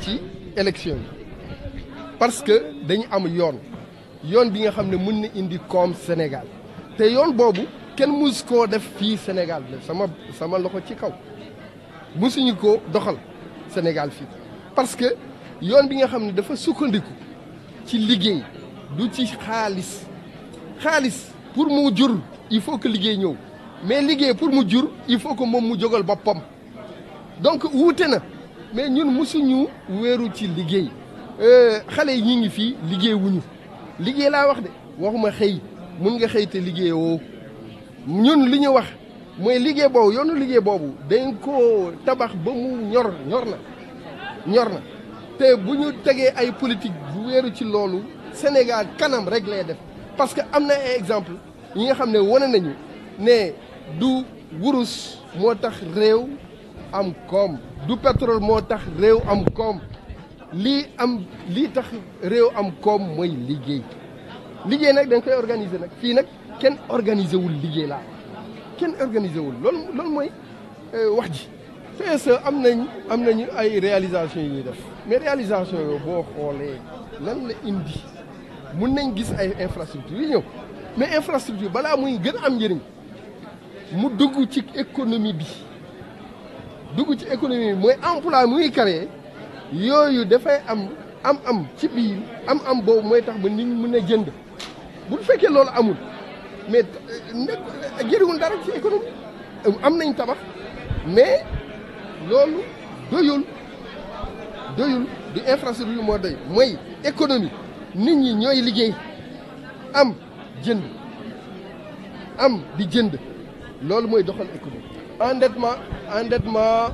ci élection parce que dañu am yoon yoon bi nga xam mën na indi Sénégal te yoon Sénégal sama sama loxo ci kaw ko doxal Sénégal parce que yoon bi nga xam dafa sukkandiku ci liggéey du ci xaalis pour mu il faut que liggéey ñëw mais liggéey pour mu il faut que moom mu donc wuute na mais ñun nous wéru ci liggéey euh, xalé yi ngi fi liggéey wuñu liggéey la wax de waxuma xey mun nga xëy te ñun li ñu wax moy liggéey bobu yoonu liggéey bobu dañ ko tabax ba mu ñor ñor na ñor na te buñu téggé ay politique bu wéru ci loolu Sénégal kanam rek lay def parce que amna exemple yi nga xamné ne du wurus am du pétrole moo tax réew am kom li am li tax réew am kom moy liggéey liggéey nak dañ koy organiser nak fi nak organiser wul liggéey organiser wul euh, wax ji e am nañ am ay réalisation mais réalisation yo bo xolé lan la indi mën nañ gis ay infrastructure mais infrastructure bala muy gën am économie bi dugg ci économie bi mooy emploi muy créé yooyu défait, am am-am ci am-am bon, mooy tax ba nit ñi mën a jënd bu fekkee loolu amul mais ne, jëriwul dara ci économie am nañ tabax mais loolu doyul doyul de infrastructure moo doy mooy économie nit ñi ñooy liggéey am jënd am di jënd loolu mooy doxal économie endettement endettement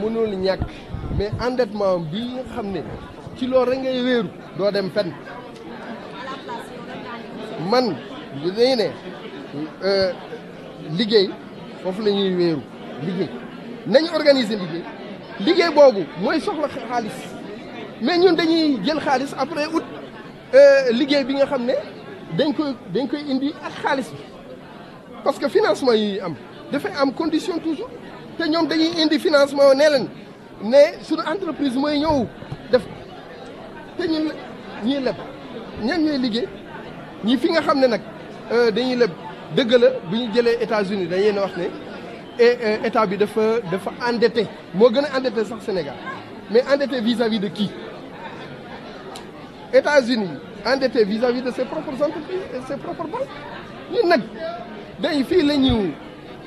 mënul ñàkk mais endettement bi nga xam ne ci loolu rek ngay wéeru doo dem fenn man li dañu ne euh, liggéey foofu la ñuy wéeru liggéey nañu organiser liggéey liggéey boobu mooy soxla xaalis mais ñun dañuy jël xaalis après août euh, liggéey bi nga xam ne dañ koy dañ koy indi ak xaalis bi parce que financement yi am dafay am condition toujours te ñoom dañuy indi financement nee leen ne suñu entreprise mooy ñëw def te ñun ñuy leb ñan ñooy liggéey ñi fi nga xam ne nag euh, dañuy leb dëgg la bu ñu jëlee États-Unis dañuy wax ne et euh, état bi dafa dafa endetté moo gën a endetté sax Sénégal mais endetté vis-à-vis de qui États-Unis endetté vis-à-vis de ses propres entreprises et ses propres banques ñun nag day fii la ñu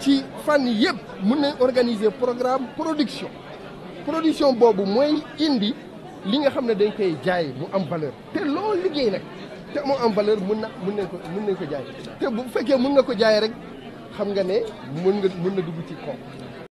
ci fànn yëpp mën nañ organiser programme production production boobu mooy indi li nga xam ne dañ koy jaay mu am valeur te loo liggéey nag te mu am valeur mën na mën nañ ko mën nañ ko jaay te bu fekkee mën nga ko jaay rek xam nga ne mën nga mën na dugg ci kaw